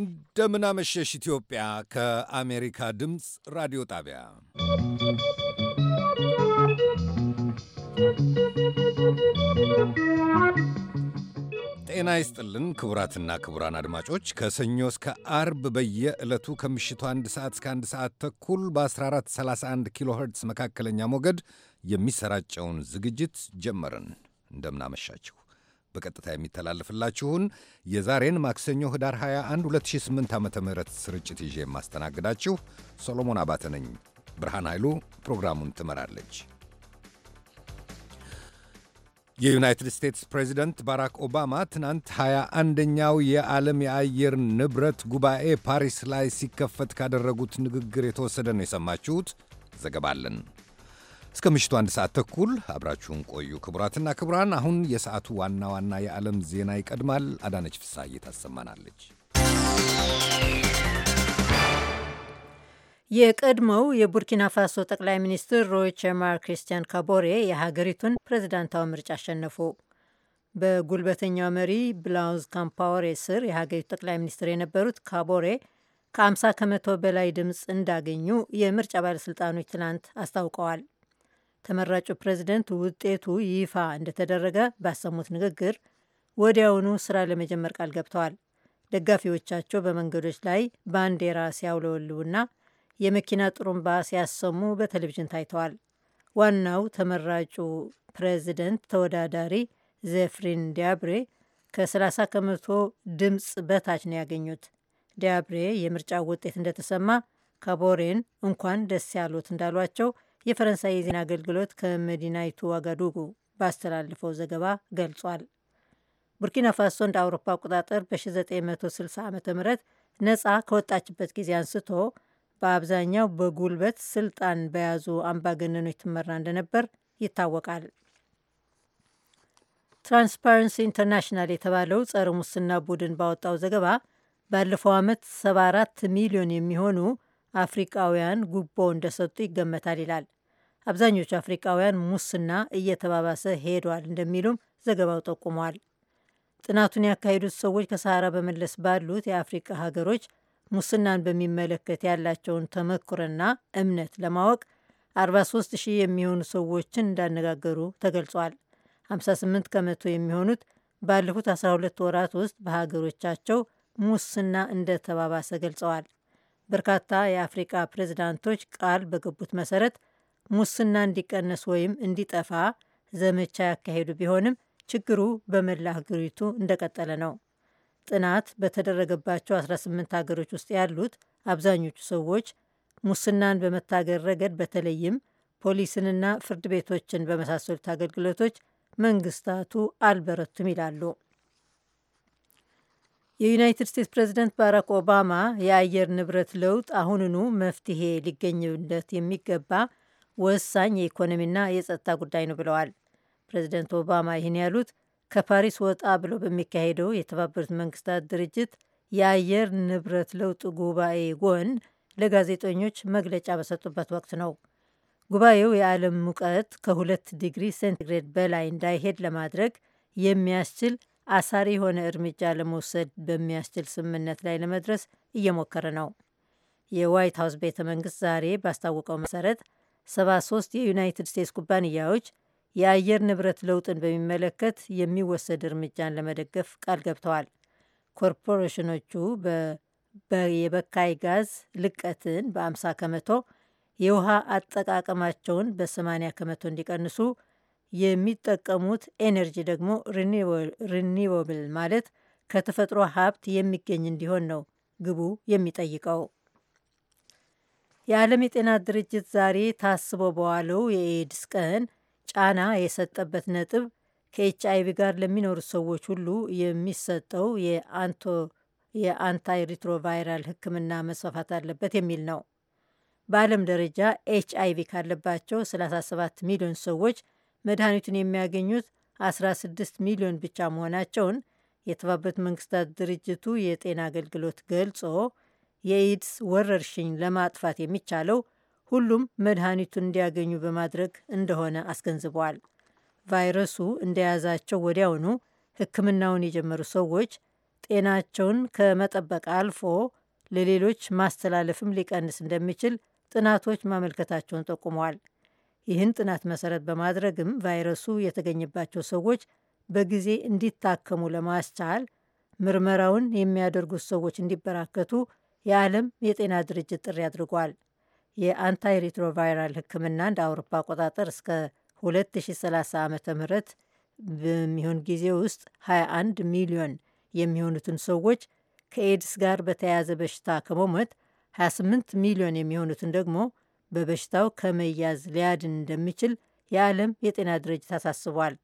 እንደምናመሸሽ ኢትዮጵያ ከአሜሪካ ድምፅ ራዲዮ ጣቢያ ጤና ይስጥልን ክቡራትና ክቡራን አድማጮች ከሰኞ እስከ አርብ በየዕለቱ ከምሽቱ አንድ ሰዓት እስከ አንድ ሰዓት ተኩል በ1431 ኪሎ ኸርትዝ መካከለኛ ሞገድ የሚሰራጨውን ዝግጅት ጀመርን። እንደምናመሻችሁ በቀጥታ የሚተላለፍላችሁን የዛሬን ማክሰኞ ህዳር 21 2008 ዓ ም ስርጭት ይዤ የማስተናግዳችሁ ሶሎሞን አባተ ነኝ። ብርሃን ኃይሉ ፕሮግራሙን ትመራለች። የዩናይትድ ስቴትስ ፕሬዚደንት ባራክ ኦባማ ትናንት 21ኛው የዓለም የአየር ንብረት ጉባኤ ፓሪስ ላይ ሲከፈት ካደረጉት ንግግር የተወሰደ ነው የሰማችሁት። ዘገባለን እስከ ምሽቱ አንድ ሰዓት ተኩል አብራችሁን ቆዩ። ክቡራትና ክቡራን፣ አሁን የሰዓቱ ዋና ዋና የዓለም ዜና ይቀድማል። አዳነች ፍሳሐዬ ታሰማናለች። የቀድሞው የቡርኪና ፋሶ ጠቅላይ ሚኒስትር ሮይቸ ማር ክርስቲያን ካቦሬ የሀገሪቱን ፕሬዚዳንታዊ ምርጫ አሸነፉ። በጉልበተኛው መሪ ብላውዝ ካምፓወሬ ስር የሀገሪቱ ጠቅላይ ሚኒስትር የነበሩት ካቦሬ ከ50 ከመቶ በላይ ድምፅ እንዳገኙ የምርጫ ባለሥልጣኖች ትናንት አስታውቀዋል። ተመራጩ ፕሬዚደንት ውጤቱ ይፋ እንደተደረገ ባሰሙት ንግግር ወዲያውኑ ስራ ለመጀመር ቃል ገብተዋል። ደጋፊዎቻቸው በመንገዶች ላይ ባንዲራ ሲያውለወልቡና የመኪና ጥሩምባ ሲያሰሙ በቴሌቪዥን ታይተዋል። ዋናው ተመራጩ ፕሬዚደንት ተወዳዳሪ ዘፍሪን ዲያብሬ ከ30 ከመቶ ድምፅ በታች ነው ያገኙት። ዲያብሬ የምርጫው ውጤት እንደተሰማ ካቦሬን እንኳን ደስ ያሉት እንዳሏቸው የፈረንሳይ የዜና አገልግሎት ከመዲናይቱ ዋጋዱጉ ባስተላለፈው ዘገባ ገልጿል። ቡርኪና ፋሶ እንደ አውሮፓ አቆጣጠር በ1960 ዓ ም ነጻ ከወጣችበት ጊዜ አንስቶ በአብዛኛው በጉልበት ስልጣን በያዙ አምባገነኖች ትመራ እንደነበር ይታወቃል። ትራንስፓረንሲ ኢንተርናሽናል የተባለው ጸረ ሙስና ቡድን ባወጣው ዘገባ ባለፈው ዓመት 74 ሚሊዮን የሚሆኑ አፍሪቃውያን ጉቦ እንደሰጡ ይገመታል ይላል። አብዛኞቹ አፍሪካውያን ሙስና እየተባባሰ ሄዷል እንደሚሉም ዘገባው ጠቁሟል። ጥናቱን ያካሄዱት ሰዎች ከሰሃራ በመለስ ባሉት የአፍሪካ ሀገሮች ሙስናን በሚመለከት ያላቸውን ተመክሮና እምነት ለማወቅ 43 ሺህ የሚሆኑ ሰዎችን እንዳነጋገሩ ተገልጿል። 58 ከመቶ የሚሆኑት ባለፉት 12 ወራት ውስጥ በሀገሮቻቸው ሙስና እንደተባባሰ ገልጸዋል። በርካታ የአፍሪካ ፕሬዝዳንቶች ቃል በገቡት መሰረት ሙስና እንዲቀነስ ወይም እንዲጠፋ ዘመቻ ያካሄዱ ቢሆንም ችግሩ በመላ ሀገሪቱ እንደቀጠለ ነው። ጥናት በተደረገባቸው 18 ሀገሮች ውስጥ ያሉት አብዛኞቹ ሰዎች ሙስናን በመታገር ረገድ በተለይም ፖሊስንና ፍርድ ቤቶችን በመሳሰሉት አገልግሎቶች መንግስታቱ አልበረቱም ይላሉ። የዩናይትድ ስቴትስ ፕሬዚደንት ባራክ ኦባማ የአየር ንብረት ለውጥ አሁንኑ መፍትሄ ሊገኝለት የሚገባ ወሳኝ የኢኮኖሚና የጸጥታ ጉዳይ ነው ብለዋል። ፕሬዚደንት ኦባማ ይህን ያሉት ከፓሪስ ወጣ ብሎ በሚካሄደው የተባበሩት መንግስታት ድርጅት የአየር ንብረት ለውጥ ጉባኤ ጎን ለጋዜጠኞች መግለጫ በሰጡበት ወቅት ነው። ጉባኤው የዓለም ሙቀት ከሁለት ዲግሪ ሴንቲግሬድ በላይ እንዳይሄድ ለማድረግ የሚያስችል አሳሪ የሆነ እርምጃ ለመውሰድ በሚያስችል ስምምነት ላይ ለመድረስ እየሞከረ ነው። የዋይት ሀውስ ቤተ መንግስት ዛሬ ባስታወቀው መሰረት 73 የዩናይትድ ስቴትስ ኩባንያዎች የአየር ንብረት ለውጥን በሚመለከት የሚወሰድ እርምጃን ለመደገፍ ቃል ገብተዋል። ኮርፖሬሽኖቹ የበካይ ጋዝ ልቀትን በ50 ከመቶ፣ የውሃ አጠቃቀማቸውን በ80 ከመቶ እንዲቀንሱ፣ የሚጠቀሙት ኤነርጂ ደግሞ ሪኒዌብል ማለት ከተፈጥሮ ሀብት የሚገኝ እንዲሆን ነው ግቡ የሚጠይቀው። የዓለም የጤና ድርጅት ዛሬ ታስቦ በዋለው የኤድስ ቀን ጫና የሰጠበት ነጥብ ከኤች አይቪ ጋር ለሚኖሩ ሰዎች ሁሉ የሚሰጠው የአንታይ ሪትሮቫይራል ሕክምና መስፋፋት አለበት የሚል ነው። በዓለም ደረጃ ኤች አይቪ ካለባቸው 37 ሚሊዮን ሰዎች መድኃኒቱን የሚያገኙት 16 ሚሊዮን ብቻ መሆናቸውን የተባበሩት መንግስታት ድርጅቱ የጤና አገልግሎት ገልጾ የኤድስ ወረርሽኝ ለማጥፋት የሚቻለው ሁሉም መድኃኒቱን እንዲያገኙ በማድረግ እንደሆነ አስገንዝበዋል። ቫይረሱ እንደያዛቸው ወዲያውኑ ሕክምናውን የጀመሩ ሰዎች ጤናቸውን ከመጠበቅ አልፎ ለሌሎች ማስተላለፍም ሊቀንስ እንደሚችል ጥናቶች ማመልከታቸውን ጠቁመዋል። ይህን ጥናት መሰረት በማድረግም ቫይረሱ የተገኘባቸው ሰዎች በጊዜ እንዲታከሙ ለማስቻል ምርመራውን የሚያደርጉት ሰዎች እንዲበራከቱ የዓለም የጤና ድርጅት ጥሪ አድርጓል። የአንታይ ሪትሮቫይራል ሕክምና እንደ አውሮፓ አቆጣጠር እስከ 2030 ዓ ም በሚሆን ጊዜ ውስጥ 21 ሚሊዮን የሚሆኑትን ሰዎች ከኤድስ ጋር በተያያዘ በሽታ ከመሞት 28 ሚሊዮን የሚሆኑትን ደግሞ በበሽታው ከመያዝ ሊያድን እንደሚችል የዓለም የጤና ድርጅት አሳስቧል።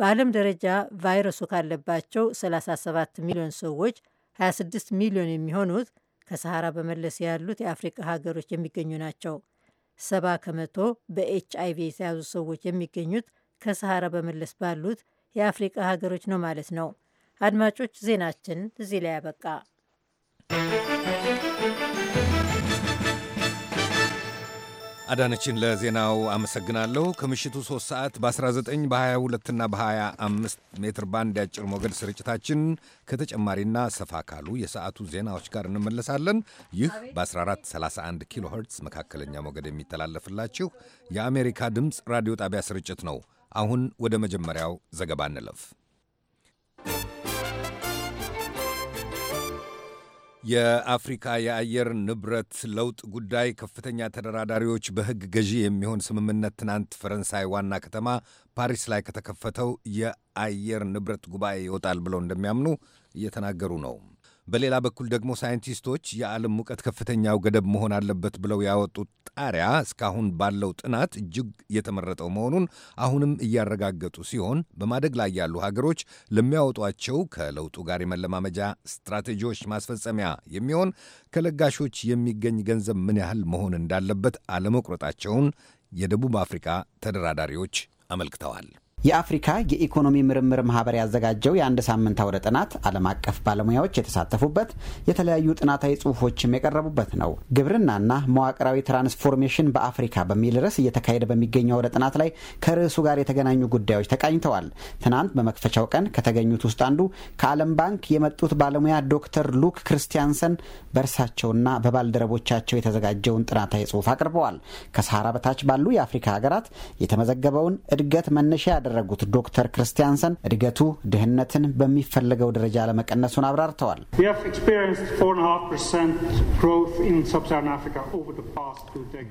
በዓለም ደረጃ ቫይረሱ ካለባቸው 37 ሚሊዮን ሰዎች 26 ሚሊዮን የሚሆኑት ከሰሃራ በመለስ ያሉት የአፍሪካ ሀገሮች የሚገኙ ናቸው። ሰባ ከመቶ በኤች አይቪ የተያዙ ሰዎች የሚገኙት ከሰሃራ በመለስ ባሉት የአፍሪቃ ሀገሮች ነው ማለት ነው። አድማጮች ዜናችን እዚህ ላይ ያበቃ። አዳነችን ለዜናው አመሰግናለሁ። ከምሽቱ 3 ሰዓት በ19 በ22 እና በ25 ሜትር ባንድ የአጭር ሞገድ ስርጭታችን ከተጨማሪና ሰፋ ካሉ የሰዓቱ ዜናዎች ጋር እንመለሳለን። ይህ በ1431 ኪሎ ኸርትዝ መካከለኛ ሞገድ የሚተላለፍላችሁ የአሜሪካ ድምፅ ራዲዮ ጣቢያ ስርጭት ነው። አሁን ወደ መጀመሪያው ዘገባ እንለፍ። የአፍሪካ የአየር ንብረት ለውጥ ጉዳይ ከፍተኛ ተደራዳሪዎች በሕግ ገዢ የሚሆን ስምምነት ትናንት ፈረንሳይ ዋና ከተማ ፓሪስ ላይ ከተከፈተው የአየር ንብረት ጉባኤ ይወጣል ብለው እንደሚያምኑ እየተናገሩ ነው። በሌላ በኩል ደግሞ ሳይንቲስቶች የዓለም ሙቀት ከፍተኛው ገደብ መሆን አለበት ብለው ያወጡት ጣሪያ እስካሁን ባለው ጥናት እጅግ የተመረጠው መሆኑን አሁንም እያረጋገጡ ሲሆን በማደግ ላይ ያሉ ሀገሮች ለሚያወጧቸው ከለውጡ ጋር የመለማመጃ ስትራቴጂዎች ማስፈጸሚያ የሚሆን ከለጋሾች የሚገኝ ገንዘብ ምን ያህል መሆን እንዳለበት አለመቁረጣቸውን የደቡብ አፍሪካ ተደራዳሪዎች አመልክተዋል። የአፍሪካ የኢኮኖሚ ምርምር ማህበር ያዘጋጀው የአንድ ሳምንት አውደ ጥናት ዓለም አቀፍ ባለሙያዎች የተሳተፉበት የተለያዩ ጥናታዊ ጽሁፎችም የቀረቡበት ነው። ግብርናና መዋቅራዊ ትራንስፎርሜሽን በአፍሪካ በሚል ርዕስ እየተካሄደ በሚገኘው አውደ ጥናት ላይ ከርዕሱ ጋር የተገናኙ ጉዳዮች ተቃኝተዋል። ትናንት በመክፈቻው ቀን ከተገኙት ውስጥ አንዱ ከዓለም ባንክ የመጡት ባለሙያ ዶክተር ሉክ ክርስቲያንሰን በእርሳቸውና በባልደረቦቻቸው የተዘጋጀውን ጥናታዊ ጽሁፍ አቅርበዋል። ከሰሃራ በታች ባሉ የአፍሪካ ሀገራት የተመዘገበውን እድገት መነሻ ያደረ ያደረጉት ዶክተር ክርስቲያንሰን እድገቱ ድህነትን በሚፈለገው ደረጃ ለመቀነሱን አብራርተዋል።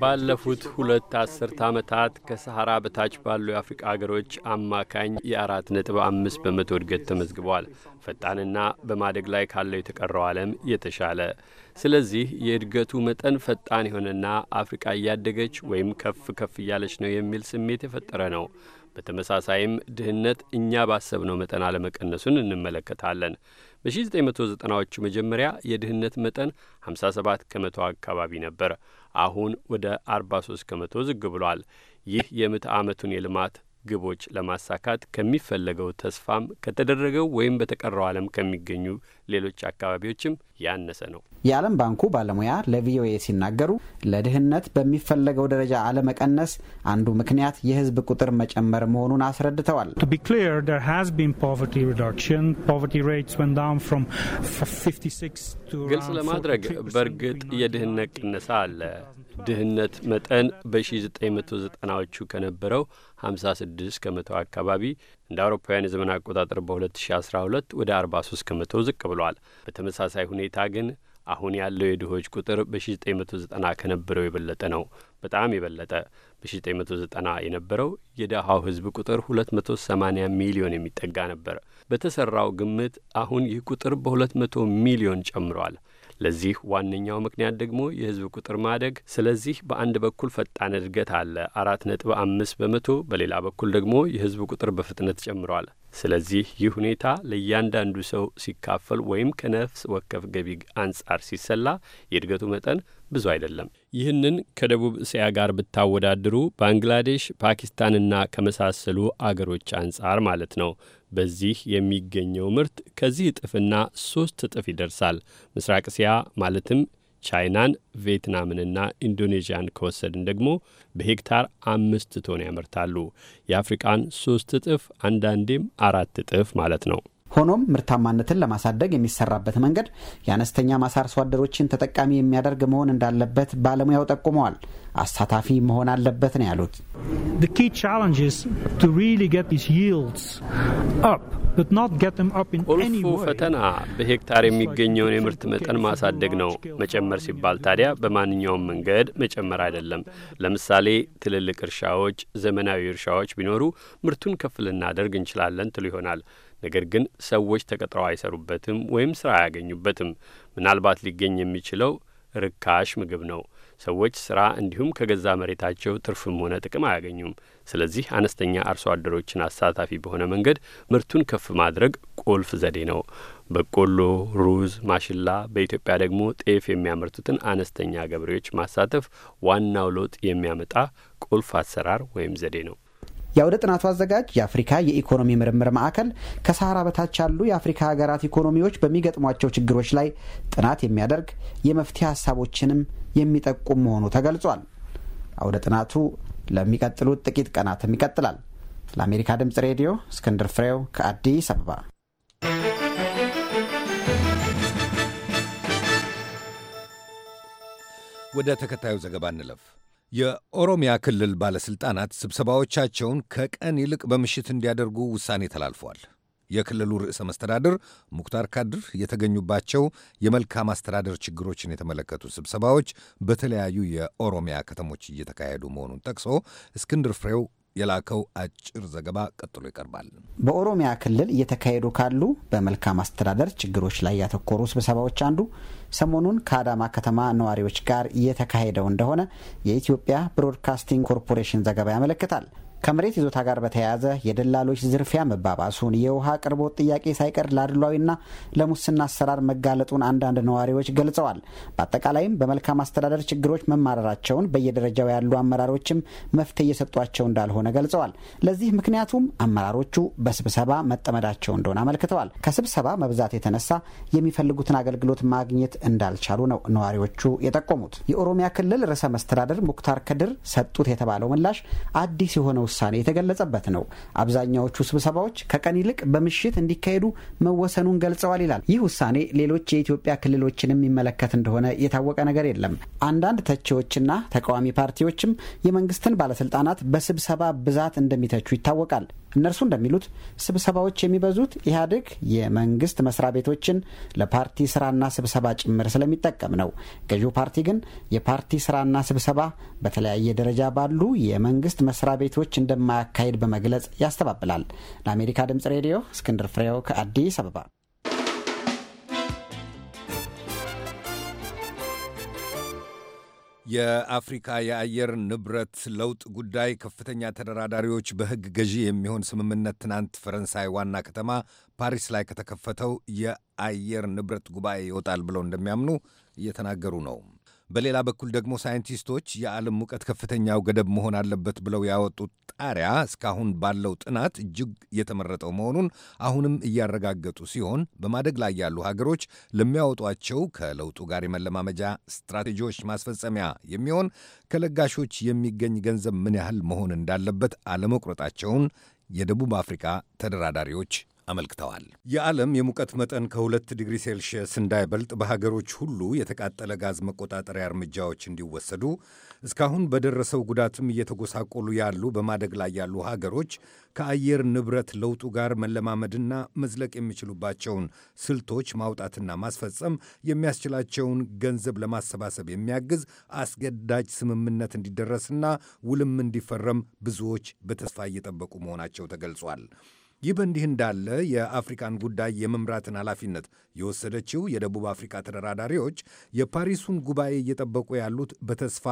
ባለፉት ሁለት አስርት ዓመታት ከሰሐራ በታች ባሉ የአፍሪቃ ሀገሮች አማካኝ የአራት ነጥብ አምስት በመቶ እድገት ተመዝግቧል። ፈጣንና በማደግ ላይ ካለው የተቀረው ዓለም የተሻለ ስለዚህ የእድገቱ መጠን ፈጣን የሆነና አፍሪቃ እያደገች ወይም ከፍ ከፍ እያለች ነው የሚል ስሜት የፈጠረ ነው። በተመሳሳይም ድህነት እኛ ባሰብነው መጠን አለመቀነሱን እንመለከታለን። በ1990ዎቹ መጀመሪያ የድህነት መጠን 57 ከመቶ አካባቢ ነበር። አሁን ወደ 43 ከመቶ ዝግ ብሏል። ይህ የምዕተ ዓመቱን የልማት ግቦች ለማሳካት ከሚፈለገው ተስፋም ከተደረገው ወይም በተቀረው ዓለም ከሚገኙ ሌሎች አካባቢዎችም ያነሰ ነው። የዓለም ባንኩ ባለሙያ ለቪኦኤ ሲናገሩ ለድህነት በሚፈለገው ደረጃ አለመቀነስ አንዱ ምክንያት የህዝብ ቁጥር መጨመር መሆኑን አስረድተዋል። ግልጽ ለማድረግ በእርግጥ የድህነት ቅነሳ አለ። ድህነት መጠን በ1990ዎቹ ከነበረው 56 ከመቶ አካባቢ እንደ አውሮፓውያን የዘመን አቆጣጠር በ2012 ወደ 43 ከመቶ ዝቅ ብሏል። በተመሳሳይ ሁኔታ ግን አሁን ያለው የድሆች ቁጥር በ1990 ከነበረው የበለጠ ነው። በጣም የበለጠ። በ1990 የነበረው የደሃው ህዝብ ቁጥር 280 ሚሊዮን የሚጠጋ ነበር። በተሰራው ግምት አሁን ይህ ቁጥር በ200 ሚሊዮን ጨምሯል። ለዚህ ዋነኛው ምክንያት ደግሞ የህዝብ ቁጥር ማደግ። ስለዚህ በአንድ በኩል ፈጣን እድገት አለ አራት ነጥብ አምስት በመቶ፣ በሌላ በኩል ደግሞ የህዝብ ቁጥር በፍጥነት ጨምሯል። ስለዚህ ይህ ሁኔታ ለእያንዳንዱ ሰው ሲካፈል ወይም ከነፍስ ወከፍ ገቢ አንጻር ሲሰላ የእድገቱ መጠን ብዙ አይደለም። ይህንን ከደቡብ እስያ ጋር ብታወዳድሩ ባንግላዴሽ፣ ፓኪስታንና ከመሳሰሉ አገሮች አንጻር ማለት ነው። በዚህ የሚገኘው ምርት ከዚህ እጥፍና ሶስት እጥፍ ይደርሳል። ምስራቅ እስያ ማለትም ቻይናን፣ ቪየትናምንና ኢንዶኔዥያን ከወሰድን ደግሞ በሄክታር አምስት ቶን ያመርታሉ። የአፍሪቃን ሶስት እጥፍ አንዳንዴም አራት እጥፍ ማለት ነው። ሆኖም ምርታማነትን ለማሳደግ የሚሰራበት መንገድ የአነስተኛ ማሳ አርሶ አደሮችን ተጠቃሚ የሚያደርግ መሆን እንዳለበት ባለሙያው ጠቁመዋል። አሳታፊ መሆን አለበት ነው ያሉት። ቁልፉ ፈተና በሄክታር የሚገኘውን የምርት መጠን ማሳደግ ነው። መጨመር ሲባል ታዲያ በማንኛውም መንገድ መጨመር አይደለም። ለምሳሌ ትልልቅ እርሻዎች፣ ዘመናዊ እርሻዎች ቢኖሩ ምርቱን ከፍ ልናደርግ እንችላለን ትሉ ይሆናል። ነገር ግን ሰዎች ተቀጥረው አይሰሩበትም ወይም ስራ አያገኙበትም። ምናልባት ሊገኝ የሚችለው ርካሽ ምግብ ነው። ሰዎች ስራ እንዲሁም ከገዛ መሬታቸው ትርፍም ሆነ ጥቅም አያገኙም። ስለዚህ አነስተኛ አርሶ አደሮችን አሳታፊ በሆነ መንገድ ምርቱን ከፍ ማድረግ ቁልፍ ዘዴ ነው። በቆሎ፣ ሩዝ፣ ማሽላ በኢትዮጵያ ደግሞ ጤፍ የሚያመርቱትን አነስተኛ ገበሬዎች ማሳተፍ ዋናው ለውጥ የሚያመጣ ቁልፍ አሰራር ወይም ዘዴ ነው። የአውደ ጥናቱ አዘጋጅ የአፍሪካ የኢኮኖሚ ምርምር ማዕከል ከሰሃራ በታች ያሉ የአፍሪካ ሀገራት ኢኮኖሚዎች በሚገጥሟቸው ችግሮች ላይ ጥናት የሚያደርግ የመፍትሄ ሀሳቦችንም የሚጠቁም መሆኑ ተገልጿል። አውደ ጥናቱ ለሚቀጥሉት ጥቂት ቀናትም ይቀጥላል። ለአሜሪካ ድምፅ ሬዲዮ እስክንድር ፍሬው ከአዲስ አበባ። ወደ ተከታዩ ዘገባ እንለፍ። የኦሮሚያ ክልል ባለሥልጣናት ስብሰባዎቻቸውን ከቀን ይልቅ በምሽት እንዲያደርጉ ውሳኔ ተላልፏል። የክልሉ ርዕሰ መስተዳድር ሙክታር ካድር የተገኙባቸው የመልካም አስተዳደር ችግሮችን የተመለከቱ ስብሰባዎች በተለያዩ የኦሮሚያ ከተሞች እየተካሄዱ መሆኑን ጠቅሶ እስክንድር ፍሬው የላከው አጭር ዘገባ ቀጥሎ ይቀርባል። በኦሮሚያ ክልል እየተካሄዱ ካሉ በመልካም አስተዳደር ችግሮች ላይ ያተኮሩ ስብሰባዎች አንዱ ሰሞኑን ከአዳማ ከተማ ነዋሪዎች ጋር እየተካሄደው እንደሆነ የኢትዮጵያ ብሮድካስቲንግ ኮርፖሬሽን ዘገባ ያመለክታል። ከመሬት ይዞታ ጋር በተያያዘ የደላሎች ዝርፊያ መባባሱን፣ የውሃ አቅርቦት ጥያቄ ሳይቀር ለአድሏዊና ለሙስና አሰራር መጋለጡን አንዳንድ ነዋሪዎች ገልጸዋል። በአጠቃላይም በመልካም አስተዳደር ችግሮች መማረራቸውን በየደረጃው ያሉ አመራሮችም መፍትሄ እየሰጧቸው እንዳልሆነ ገልጸዋል። ለዚህ ምክንያቱም አመራሮቹ በስብሰባ መጠመዳቸው እንደሆነ አመልክተዋል። ከስብሰባ መብዛት የተነሳ የሚፈልጉትን አገልግሎት ማግኘት እንዳልቻሉ ነው ነዋሪዎቹ የጠቆሙት። የኦሮሚያ ክልል ርዕሰ መስተዳደር ሙክታር ከድር ሰጡት የተባለው ምላሽ አዲስ የሆነው ውሳኔ የተገለጸበት ነው። አብዛኛዎቹ ስብሰባዎች ከቀን ይልቅ በምሽት እንዲካሄዱ መወሰኑን ገልጸዋል ይላል። ይህ ውሳኔ ሌሎች የኢትዮጵያ ክልሎችን የሚመለከት እንደሆነ የታወቀ ነገር የለም። አንዳንድ ተቺዎችና ተቃዋሚ ፓርቲዎችም የመንግስትን ባለስልጣናት በስብሰባ ብዛት እንደሚተቹ ይታወቃል። እነርሱ እንደሚሉት ስብሰባዎች የሚበዙት ኢህአዴግ የመንግስት መስሪያ ቤቶችን ለፓርቲ ስራና ስብሰባ ጭምር ስለሚጠቀም ነው። ገዢው ፓርቲ ግን የፓርቲ ስራና ስብሰባ በተለያየ ደረጃ ባሉ የመንግስት መስሪያ ቤቶች እንደማያካሄድ በመግለጽ ያስተባብላል። ለአሜሪካ ድምጽ ሬዲዮ እስክንድር ፍሬው ከአዲስ አበባ የአፍሪካ የአየር ንብረት ለውጥ ጉዳይ ከፍተኛ ተደራዳሪዎች በሕግ ገዢ የሚሆን ስምምነት ትናንት ፈረንሳይ ዋና ከተማ ፓሪስ ላይ ከተከፈተው የአየር ንብረት ጉባኤ ይወጣል ብለው እንደሚያምኑ እየተናገሩ ነው። በሌላ በኩል ደግሞ ሳይንቲስቶች የዓለም ሙቀት ከፍተኛው ገደብ መሆን አለበት ብለው ያወጡት ጣሪያ እስካሁን ባለው ጥናት እጅግ የተመረጠው መሆኑን አሁንም እያረጋገጡ ሲሆን በማደግ ላይ ያሉ ሀገሮች ለሚያወጧቸው ከለውጡ ጋር የመለማመጃ ስትራቴጂዎች ማስፈጸሚያ የሚሆን ከለጋሾች የሚገኝ ገንዘብ ምን ያህል መሆን እንዳለበት አለመቁረጣቸውን የደቡብ አፍሪካ ተደራዳሪዎች አመልክተዋል። የዓለም የሙቀት መጠን ከሁለት ዲግሪ ሴልሽየስ እንዳይበልጥ በሀገሮች ሁሉ የተቃጠለ ጋዝ መቆጣጠሪያ እርምጃዎች እንዲወሰዱ እስካሁን በደረሰው ጉዳትም እየተጎሳቆሉ ያሉ በማደግ ላይ ያሉ ሀገሮች ከአየር ንብረት ለውጡ ጋር መለማመድና መዝለቅ የሚችሉባቸውን ስልቶች ማውጣትና ማስፈጸም የሚያስችላቸውን ገንዘብ ለማሰባሰብ የሚያግዝ አስገዳጅ ስምምነት እንዲደረስና ውልም እንዲፈረም ብዙዎች በተስፋ እየጠበቁ መሆናቸው ተገልጿል። ይህ በእንዲህ እንዳለ የአፍሪካን ጉዳይ የመምራትን ኃላፊነት የወሰደችው የደቡብ አፍሪካ ተደራዳሪዎች የፓሪሱን ጉባኤ እየጠበቁ ያሉት በተስፋ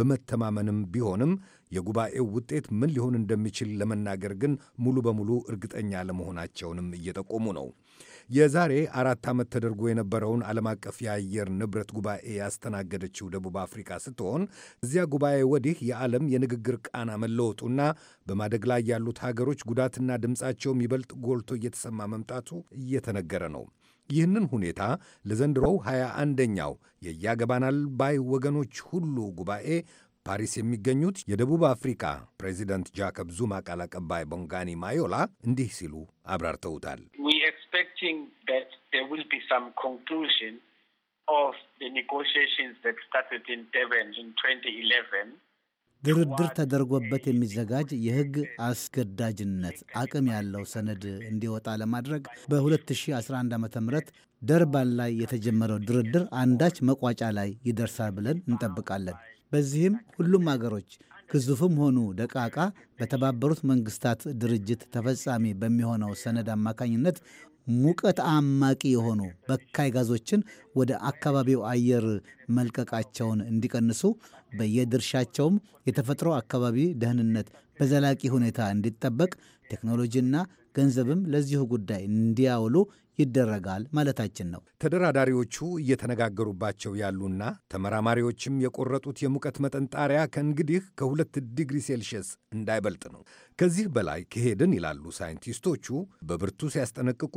በመተማመንም ቢሆንም የጉባኤው ውጤት ምን ሊሆን እንደሚችል ለመናገር ግን ሙሉ በሙሉ እርግጠኛ ለመሆናቸውንም እየጠቆሙ ነው። የዛሬ አራት ዓመት ተደርጎ የነበረውን ዓለም አቀፍ የአየር ንብረት ጉባኤ ያስተናገደችው ደቡብ አፍሪካ ስትሆን እዚያ ጉባኤ ወዲህ የዓለም የንግግር ቃና መለወጡና በማደግ ላይ ያሉት ሀገሮች ጉዳትና ድምፃቸውም ይበልጥ ጎልቶ እየተሰማ መምጣቱ እየተነገረ ነው። ይህንን ሁኔታ ለዘንድሮው ሃያ አንደኛው የያገባናል ባይ ወገኖች ሁሉ ጉባኤ ፓሪስ የሚገኙት የደቡብ አፍሪካ ፕሬዚደንት ጃከብ ዙማ ቃል አቀባይ ቦንጋኒ ማዮላ እንዲህ ሲሉ አብራርተውታል። expecting that there will be some conclusion of the negotiations that started in Devon in 2011. ድርድር ተደርጎበት የሚዘጋጅ የሕግ አስገዳጅነት አቅም ያለው ሰነድ እንዲወጣ ለማድረግ በ2011 ዓ ም ደርባን ላይ የተጀመረው ድርድር አንዳች መቋጫ ላይ ይደርሳል ብለን እንጠብቃለን። በዚህም ሁሉም አገሮች ግዙፍም ሆኑ ደቃቃ በተባበሩት መንግስታት ድርጅት ተፈጻሚ በሚሆነው ሰነድ አማካኝነት ሙቀት አማቂ የሆኑ በካይ ጋዞችን ወደ አካባቢው አየር መልቀቃቸውን እንዲቀንሱ በየድርሻቸውም የተፈጥሮ አካባቢ ደህንነት በዘላቂ ሁኔታ እንዲጠበቅ ቴክኖሎጂና ገንዘብም ለዚሁ ጉዳይ እንዲያውሉ ይደረጋል ማለታችን ነው። ተደራዳሪዎቹ እየተነጋገሩባቸው ያሉና ተመራማሪዎችም የቆረጡት የሙቀት መጠን ጣሪያ ከእንግዲህ ከሁለት ዲግሪ ሴልሺየስ እንዳይበልጥ ነው። ከዚህ በላይ ከሄድን ይላሉ ሳይንቲስቶቹ በብርቱ ሲያስጠነቅቁ፣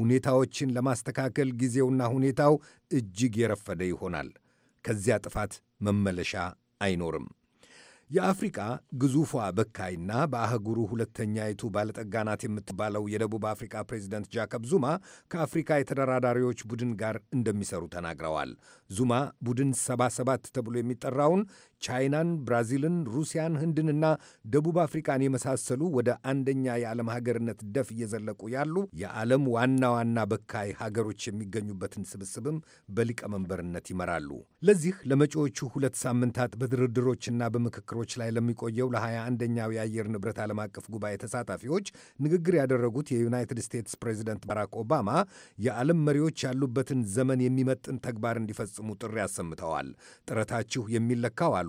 ሁኔታዎችን ለማስተካከል ጊዜውና ሁኔታው እጅግ የረፈደ ይሆናል። ከዚያ ጥፋት መመለሻ አይኖርም። የአፍሪቃ ግዙፏ በካይና በአህጉሩ ሁለተኛይቱ ባለጠጋ ናት የምትባለው የደቡብ አፍሪካ ፕሬዚደንት ጃከብ ዙማ ከአፍሪካ የተደራዳሪዎች ቡድን ጋር እንደሚሰሩ ተናግረዋል። ዙማ ቡድን 77 ተብሎ የሚጠራውን ቻይናን፣ ብራዚልን፣ ሩሲያን፣ ህንድንና ደቡብ አፍሪካን የመሳሰሉ ወደ አንደኛ የዓለም ሀገርነት ደፍ እየዘለቁ ያሉ የዓለም ዋና ዋና በካይ ሀገሮች የሚገኙበትን ስብስብም በሊቀመንበርነት ይመራሉ። ለዚህ ለመጪዎቹ ሁለት ሳምንታት በድርድሮችና በምክክሮች ላይ ለሚቆየው ለሃያ አንደኛው የአየር ንብረት ዓለም አቀፍ ጉባኤ ተሳታፊዎች ንግግር ያደረጉት የዩናይትድ ስቴትስ ፕሬዚደንት ባራክ ኦባማ የዓለም መሪዎች ያሉበትን ዘመን የሚመጥን ተግባር እንዲፈጽሙ ጥሪ አሰምተዋል። ጥረታችሁ የሚለካው አሉ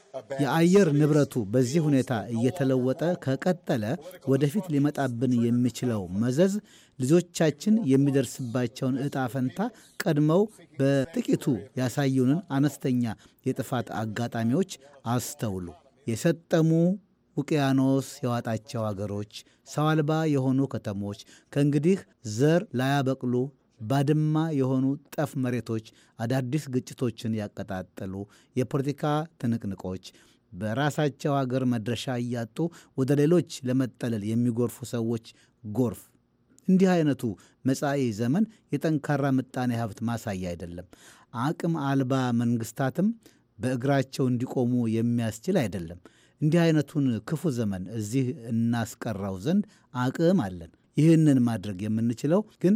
የአየር ንብረቱ በዚህ ሁኔታ እየተለወጠ ከቀጠለ ወደፊት ሊመጣብን የሚችለው መዘዝ ልጆቻችን የሚደርስባቸውን እጣ ፈንታ ቀድመው በጥቂቱ ያሳዩንን አነስተኛ የጥፋት አጋጣሚዎች አስተውሉ። የሰጠሙ ውቅያኖስ የዋጣቸው አገሮች፣ ሰው አልባ የሆኑ ከተሞች ከእንግዲህ ዘር ላያበቅሉ ባድማ የሆኑ ጠፍ መሬቶች፣ አዳዲስ ግጭቶችን ያቀጣጠሉ የፖለቲካ ትንቅንቆች፣ በራሳቸው አገር መድረሻ እያጡ ወደ ሌሎች ለመጠለል የሚጎርፉ ሰዎች ጎርፍ። እንዲህ አይነቱ መጻኢ ዘመን የጠንካራ ምጣኔ ሀብት ማሳያ አይደለም። አቅም አልባ መንግስታትም በእግራቸው እንዲቆሙ የሚያስችል አይደለም። እንዲህ አይነቱን ክፉ ዘመን እዚህ እናስቀራው ዘንድ አቅም አለን። ይህንን ማድረግ የምንችለው ግን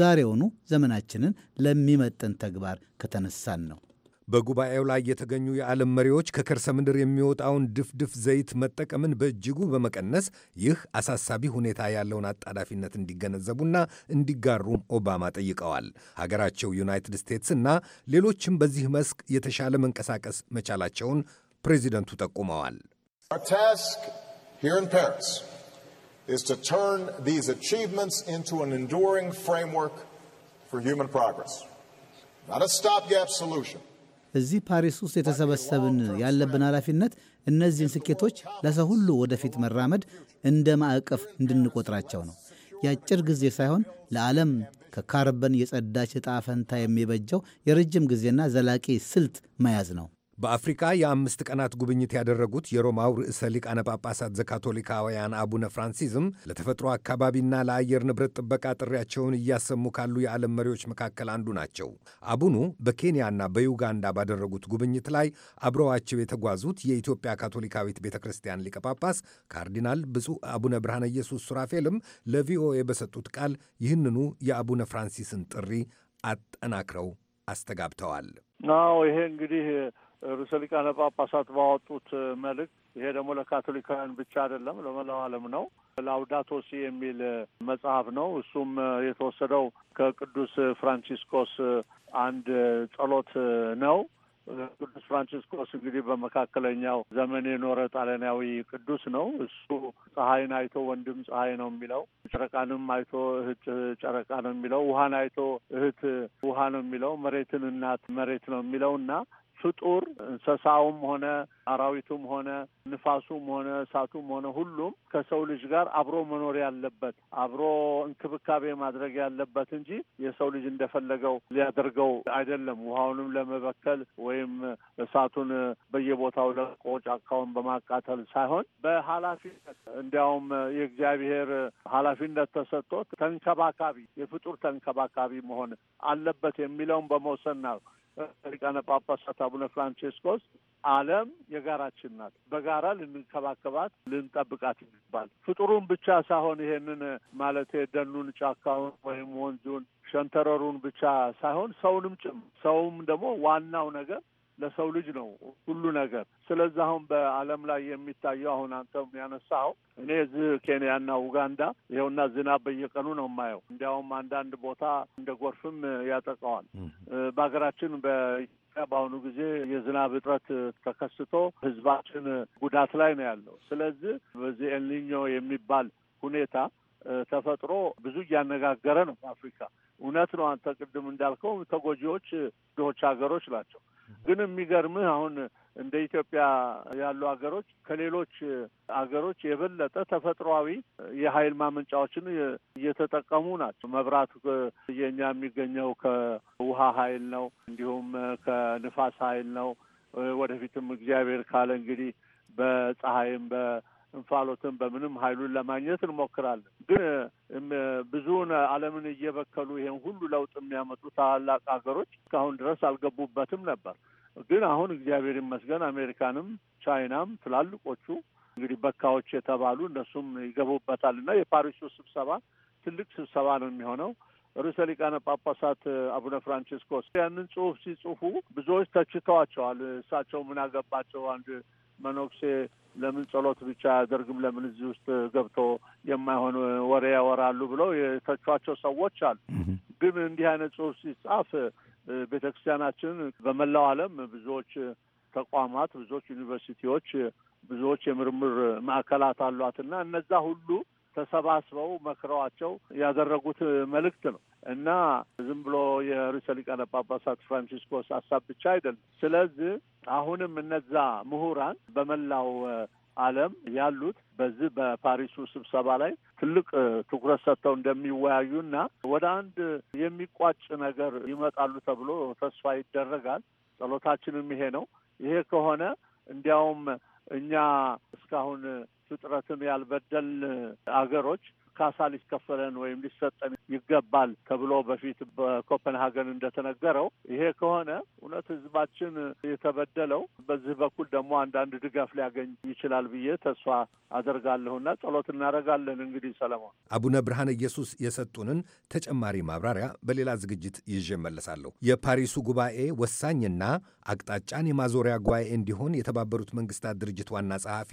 ዛሬውኑ ዘመናችንን ለሚመጥን ተግባር ከተነሳን ነው። በጉባኤው ላይ የተገኙ የዓለም መሪዎች ከከርሰ ምድር የሚወጣውን ድፍድፍ ዘይት መጠቀምን በእጅጉ በመቀነስ ይህ አሳሳቢ ሁኔታ ያለውን አጣዳፊነት እንዲገነዘቡና እንዲጋሩም ኦባማ ጠይቀዋል። ሀገራቸው ዩናይትድ ስቴትስ እና ሌሎችም በዚህ መስክ የተሻለ መንቀሳቀስ መቻላቸውን ፕሬዚደንቱ ጠቁመዋል። is to turn these achievements into an enduring framework for human progress, not a stopgap solution. እዚህ ፓሪስ ውስጥ የተሰበሰብን ያለብን ኃላፊነት እነዚህን ስኬቶች ለሰው ሁሉ ወደፊት መራመድ እንደ ማዕቀፍ እንድንቆጥራቸው ነው። የአጭር ጊዜ ሳይሆን ለዓለም ከካርበን የጸዳች ዕጣ ፈንታ የሚበጀው የረጅም ጊዜና ዘላቂ ስልት መያዝ ነው። በአፍሪካ የአምስት ቀናት ጉብኝት ያደረጉት የሮማው ርዕሰ ሊቃነ ጳጳሳት ዘካቶሊካውያን አቡነ ፍራንሲዝም ለተፈጥሮ አካባቢና ለአየር ንብረት ጥበቃ ጥሪያቸውን እያሰሙ ካሉ የዓለም መሪዎች መካከል አንዱ ናቸው። አቡኑ በኬንያና በዩጋንዳ ባደረጉት ጉብኝት ላይ አብረዋቸው የተጓዙት የኢትዮጵያ ካቶሊካዊት ቤተ ክርስቲያን ሊቀ ጳጳስ ካርዲናል ብፁዕ አቡነ ብርሃነ ኢየሱስ ሱራፌልም ለቪኦኤ በሰጡት ቃል ይህንኑ የአቡነ ፍራንሲስን ጥሪ አጠናክረው አስተጋብተዋል። ናው ይሄ እንግዲህ ርዕሰ ሊቃነ ጳጳሳት ባወጡት መልእክት ይሄ ደግሞ ለካቶሊካውያን ብቻ አይደለም፣ ለመላው ዓለም ነው። ላውዳቶሲ የሚል መጽሐፍ ነው። እሱም የተወሰደው ከቅዱስ ፍራንቺስኮስ አንድ ጸሎት ነው። ቅዱስ ፍራንቺስኮስ እንግዲህ በመካከለኛው ዘመን የኖረ ጣሊያናዊ ቅዱስ ነው። እሱ ፀሐይን አይቶ ወንድም ፀሐይ ነው የሚለው፣ ጨረቃንም አይቶ እህት ጨረቃ ነው የሚለው፣ ውሃን አይቶ እህት ውሃ ነው የሚለው፣ መሬትን እናት መሬት ነው የሚለው እና ፍጡር እንስሳውም ሆነ አራዊቱም ሆነ ንፋሱም ሆነ እሳቱም ሆነ ሁሉም ከሰው ልጅ ጋር አብሮ መኖር ያለበት አብሮ እንክብካቤ ማድረግ ያለበት እንጂ የሰው ልጅ እንደፈለገው ሊያደርገው አይደለም። ውሃውንም ለመበከል ወይም እሳቱን በየቦታው ለቆ ጫካውን በማቃተል ሳይሆን በኃላፊነት እንዲያውም የእግዚአብሔር ኃላፊነት ተሰጥቶት ተንከባካቢ የፍጡር ተንከባካቢ መሆን አለበት የሚለውን በመውሰን ነው ሊቃነ ጳጳሳት አቡነ ፍራንቼስኮስ ዓለም የጋራችን ናት። በጋራ ልንከባከባት፣ ልንጠብቃት ይገባል። ፍጡሩን ብቻ ሳይሆን ይሄንን ማለት ደኑን፣ ጫካውን ወይም ወንዙን፣ ሸንተረሩን ብቻ ሳይሆን ሰውንም ጭም ሰውም ደግሞ ዋናው ነገር ለሰው ልጅ ነው ሁሉ ነገር። ስለዚህ አሁን በዓለም ላይ የሚታየው አሁን አንተም ያነሳኸው እኔ እዚህ ኬንያና ኡጋንዳ ይኸውና ዝናብ በየቀኑ ነው የማየው። እንዲያውም አንዳንድ ቦታ እንደ ጎርፍም ያጠቃዋል። በሀገራችን በ በአሁኑ ጊዜ የዝናብ እጥረት ተከስቶ ህዝባችን ጉዳት ላይ ነው ያለው። ስለዚህ በዚህ ኤልኒኞ የሚባል ሁኔታ ተፈጥሮ ብዙ እያነጋገረ ነው። አፍሪካ እውነት ነው አንተ ቅድም እንዳልከው ተጎጂዎች ድሆች ሀገሮች ናቸው። ግን የሚገርምህ አሁን እንደ ኢትዮጵያ ያሉ ሀገሮች ከሌሎች አገሮች የበለጠ ተፈጥሯዊ የኃይል ማመንጫዎችን እየተጠቀሙ ናቸው። መብራት የኛ የሚገኘው ከውሃ ኃይል ነው፣ እንዲሁም ከንፋስ ኃይል ነው። ወደፊትም እግዚአብሔር ካለ እንግዲህ በፀሐይም እንፋሎትን በምንም ኃይሉን ለማግኘት እንሞክራለን። ግን ብዙውን ዓለምን እየበከሉ ይሄን ሁሉ ለውጥ የሚያመጡ ታላላቅ ሀገሮች እስካሁን ድረስ አልገቡበትም ነበር። ግን አሁን እግዚአብሔር ይመስገን አሜሪካንም ቻይናም ትላልቆቹ እንግዲህ በካዎች የተባሉ እነሱም ይገቡበታል እና የፓሪሱ ስብሰባ ትልቅ ስብሰባ ነው የሚሆነው። ርዕሰ ሊቃነ ጳጳሳት አቡነ ፍራንቺስኮስ ያንን ጽሑፍ ሲጽፉ ብዙዎች ተችተዋቸዋል። እሳቸው ምን አገባቸው አንድ መነኩሴ ለምን ጸሎት ብቻ ደርግም ለምን እዚህ ውስጥ ገብቶ የማይሆን ወሬ ያወራሉ ብለው የተቿቸው ሰዎች አሉ። ግን እንዲህ አይነት ጽሁፍ ሲጻፍ ቤተ ክርስቲያናችን በመላው ዓለም ብዙዎች ተቋማት፣ ብዙዎች ዩኒቨርሲቲዎች፣ ብዙዎች የምርምር ማዕከላት አሏትና እነዛ ሁሉ ተሰባስበው መክረዋቸው ያደረጉት መልእክት ነው እና ዝም ብሎ የርዕሰ ሊቃነ ጳጳሳት ፍራንሲስኮስ ሀሳብ ብቻ አይደለም። ስለዚህ አሁንም እነዛ ምሁራን በመላው ዓለም ያሉት በዚህ በፓሪሱ ስብሰባ ላይ ትልቅ ትኩረት ሰጥተው እንደሚወያዩና ወደ አንድ የሚቋጭ ነገር ይመጣሉ ተብሎ ተስፋ ይደረጋል። ጸሎታችንም ይሄ ነው። ይሄ ከሆነ እንዲያውም እኛ እስካሁን ፍጥረትን ያልበደል አገሮች ካሳ ሊከፈለን ወይም ሊሰጠን ይገባል ተብሎ በፊት በኮፐንሃገን እንደተነገረው ይሄ ከሆነ እውነት ህዝባችን የተበደለው በዚህ በኩል ደግሞ አንዳንድ ድጋፍ ሊያገኝ ይችላል ብዬ ተስፋ አደርጋለሁና ጸሎት እናደርጋለን። እንግዲህ ሰለሞን፣ አቡነ ብርሃነ ኢየሱስ የሰጡንን ተጨማሪ ማብራሪያ በሌላ ዝግጅት ይዤ እመለሳለሁ። የፓሪሱ ጉባኤ ወሳኝና አቅጣጫን የማዞሪያ ጉባኤ እንዲሆን የተባበሩት መንግስታት ድርጅት ዋና ጸሐፊ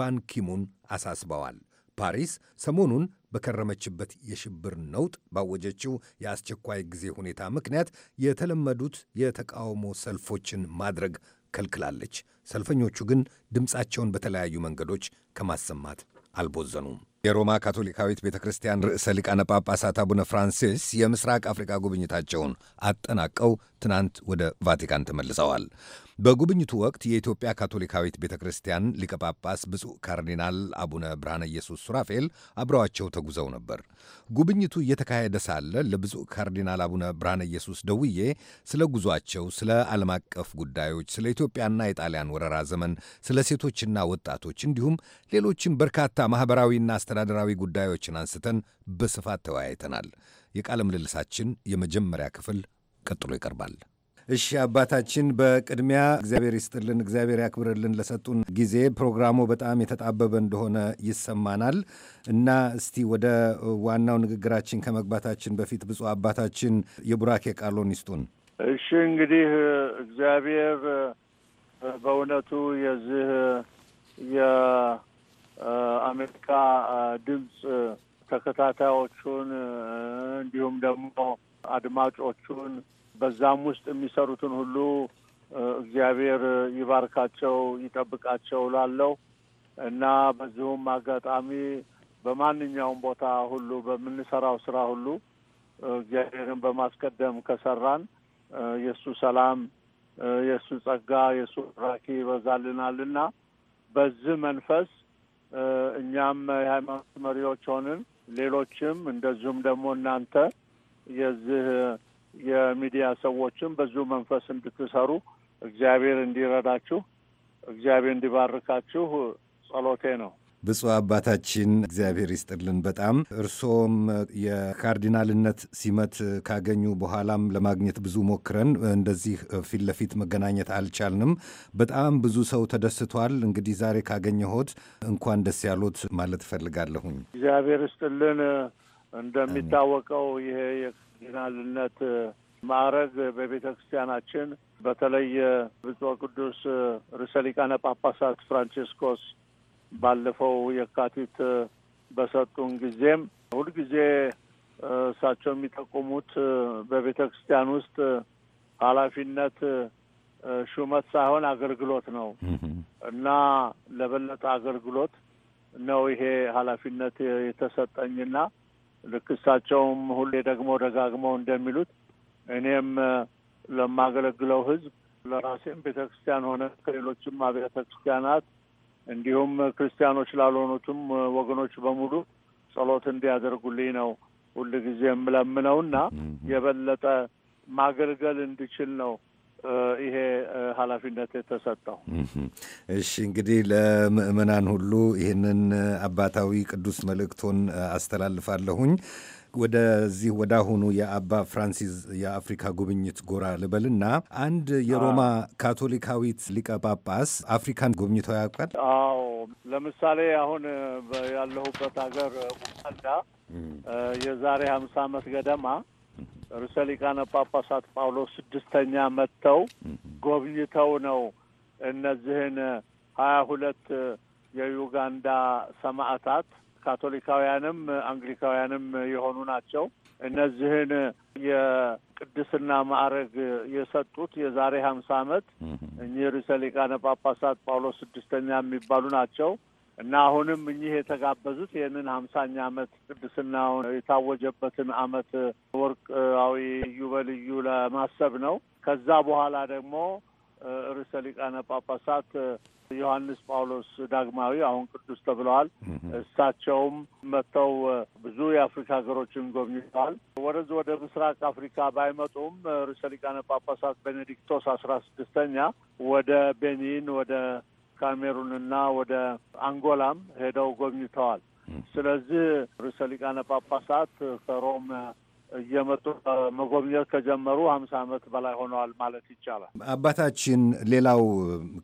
ባንኪሙን አሳስበዋል። ፓሪስ ሰሞኑን በከረመችበት የሽብር ነውጥ ባወጀችው የአስቸኳይ ጊዜ ሁኔታ ምክንያት የተለመዱት የተቃውሞ ሰልፎችን ማድረግ ከልክላለች። ሰልፈኞቹ ግን ድምፃቸውን በተለያዩ መንገዶች ከማሰማት አልቦዘኑም። የሮማ ካቶሊካዊት ቤተ ክርስቲያን ርዕሰ ሊቃነ ጳጳሳት አቡነ ፍራንሲስ የምስራቅ አፍሪካ ጉብኝታቸውን አጠናቀው ትናንት ወደ ቫቲካን ተመልሰዋል። በጉብኝቱ ወቅት የኢትዮጵያ ካቶሊካዊት ቤተ ክርስቲያን ሊቀ ጳጳስ ብፁዕ ካርዲናል አቡነ ብርሃነ ኢየሱስ ሱራፌል አብረዋቸው ተጉዘው ነበር። ጉብኝቱ እየተካሄደ ሳለ ለብፁዕ ካርዲናል አቡነ ብርሃነ ኢየሱስ ደውዬ ስለ ጉዟቸው፣ ስለ ዓለም አቀፍ ጉዳዮች፣ ስለ ኢትዮጵያና የጣሊያን ወረራ ዘመን፣ ስለ ሴቶችና ወጣቶች እንዲሁም ሌሎችም በርካታ ማኅበራዊና አስተዳደራዊ ጉዳዮችን አንስተን በስፋት ተወያይተናል። የቃለ ምልልሳችን የመጀመሪያ ክፍል ቀጥሎ ይቀርባል። እሺ አባታችን፣ በቅድሚያ እግዚአብሔር ይስጥልን፣ እግዚአብሔር ያክብርልን ለሰጡን ጊዜ። ፕሮግራሙ በጣም የተጣበበ እንደሆነ ይሰማናል እና እስቲ ወደ ዋናው ንግግራችን ከመግባታችን በፊት ብፁዕ አባታችን የቡራኬ ቃሎን ይስጡን። እሺ እንግዲህ እግዚአብሔር በእውነቱ የዚህ የአሜሪካ ድምፅ ተከታታዮቹን እንዲሁም ደግሞ አድማጮቹን በዛም ውስጥ የሚሰሩትን ሁሉ እግዚአብሔር ይባርካቸው ይጠብቃቸው ላለው እና በዚሁም አጋጣሚ በማንኛውም ቦታ ሁሉ በምንሰራው ስራ ሁሉ እግዚአብሔርን በማስቀደም ከሰራን የእሱ ሰላም የእሱ ጸጋ የእሱ ራኪ ይበዛልናልና በዚህ መንፈስ እኛም የሃይማኖት መሪዎች ሆንን፣ ሌሎችም እንደዚሁም ደግሞ እናንተ የዚህ የሚዲያ ሰዎችም በዚሁ መንፈስ እንድትሰሩ እግዚአብሔር እንዲረዳችሁ፣ እግዚአብሔር እንዲባርካችሁ ጸሎቴ ነው። ብፁዕ አባታችን እግዚአብሔር ይስጥልን። በጣም እርሶም የካርዲናልነት ሲመት ካገኙ በኋላም ለማግኘት ብዙ ሞክረን እንደዚህ ፊት ለፊት መገናኘት አልቻልንም። በጣም ብዙ ሰው ተደስቷል። እንግዲህ ዛሬ ካገኘሁት እንኳን ደስ ያሉት ማለት እፈልጋለሁኝ። እግዚአብሔር ይስጥልን። እንደሚታወቀው ይሄ የካርዲናልነት ማዕረግ በቤተ ክርስቲያናችን በተለይ ብፁዕ ቅዱስ ርዕሰ ሊቃነ ጳጳሳት ፍራንቺስኮስ ባለፈው የካቲት በሰጡን ጊዜም ሁልጊዜ እሳቸው የሚጠቁሙት በቤተ ክርስቲያን ውስጥ ኃላፊነት ሹመት ሳይሆን አገልግሎት ነው እና ለበለጠ አገልግሎት ነው ይሄ ኃላፊነት የተሰጠኝና ልክ እሳቸውም ሁሌ ደግሞ ደጋግመው እንደሚሉት እኔም ለማገለግለው ህዝብ ለራሴም ቤተ ክርስቲያን ሆነ ከሌሎችም አብያተ ክርስቲያናት እንዲሁም ክርስቲያኖች ላልሆኑትም ወገኖች በሙሉ ጸሎት እንዲያደርጉልኝ ነው ጊዜ የምለምነውና የበለጠ ማገልገል እንድችል ነው ይሄ ኃላፊነት የተሰጠው። እሺ እንግዲህ ለምእመናን ሁሉ ይህንን አባታዊ ቅዱስ መልእክቶን አስተላልፋለሁኝ። ወደዚህ ወደ የአባ ፍራንሲስ የአፍሪካ ጉብኝት ጎራ ልበልና አንድ የሮማ ካቶሊካዊት ሊቀ ጳጳስ አፍሪካን ጎብኝተው ያውቃል? አዎ፣ ለምሳሌ አሁን ያለሁበት ሀገር ኡጋንዳ የዛሬ ሀምሳ ዓመት ገደማ ርዕሰ ሊቃነ ጳጳሳት ጳውሎስ ስድስተኛ መጥተው ጎብኝተው ነው እነዚህን ሀያ ሁለት የዩጋንዳ ሰማዕታት ካቶሊካውያንም አንግሊካውያንም የሆኑ ናቸው። እነዚህን የቅድስና ማዕረግ የሰጡት የዛሬ ሀምሳ ዓመት እኚህ ርዕሰ ሊቃነ ጳጳሳት ጳውሎስ ስድስተኛ የሚባሉ ናቸው። እና አሁንም እኚህ የተጋበዙት ይህንን ሀምሳኛ ዓመት ቅድስናውን የታወጀበትን ዓመት ወርቃዊ በልዩ ለማሰብ ነው። ከዛ በኋላ ደግሞ ርዕሰ ሊቃነ ጳጳሳት ዮሐንስ ጳውሎስ ዳግማዊ አሁን ቅዱስ ተብለዋል። እሳቸውም መጥተው ብዙ የአፍሪካ ሀገሮችን ጎብኝተዋል። ወደዚ ወደ ምስራቅ አፍሪካ ባይመጡም ርዕሰ ሊቃነ ጳጳሳት ቤኔዲክቶስ አስራ ስድስተኛ ወደ ቤኒን ወደ ካሜሩንና ወደ አንጎላም ሄደው ጎብኝተዋል። ስለዚህ ርዕሰ ሊቃነ ጳጳሳት ከሮም እየመጡ መጎብኘት ከጀመሩ ሀምሳ ዓመት በላይ ሆነዋል ማለት ይቻላል። አባታችን፣ ሌላው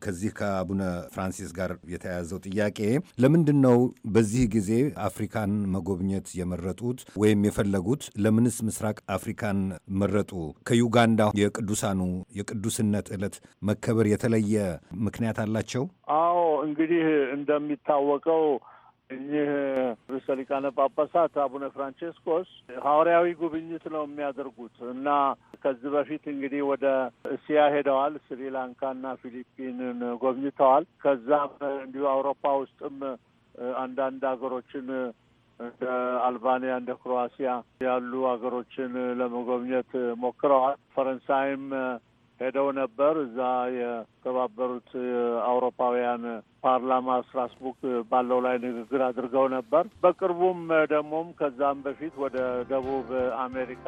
ከዚህ ከአቡነ ፍራንሲስ ጋር የተያያዘው ጥያቄ ለምንድን ነው በዚህ ጊዜ አፍሪካን መጎብኘት የመረጡት ወይም የፈለጉት? ለምንስ ምስራቅ አፍሪካን መረጡ? ከዩጋንዳ የቅዱሳኑ የቅዱስነት ዕለት መከበር የተለየ ምክንያት አላቸው? አዎ እንግዲህ እንደሚታወቀው እኚህ ርዕሰ ሊቃነ ጳጳሳት አቡነ ፍራንቼስኮስ ሐዋርያዊ ጉብኝት ነው የሚያደርጉት እና ከዚህ በፊት እንግዲህ ወደ እስያ ሄደዋል። ስሪላንካና ፊሊፒንን ጎብኝተዋል። ከዛም እንዲሁ አውሮፓ ውስጥም አንዳንድ ሀገሮችን እንደ አልባንያ እንደ ክሮዋሲያ ያሉ ሀገሮችን ለመጎብኘት ሞክረዋል። ፈረንሳይም ሄደው ነበር። እዛ የተባበሩት አውሮፓውያን ፓርላማ ስትራስቡርግ ባለው ላይ ንግግር አድርገው ነበር። በቅርቡም ደግሞም ከዛም በፊት ወደ ደቡብ አሜሪካ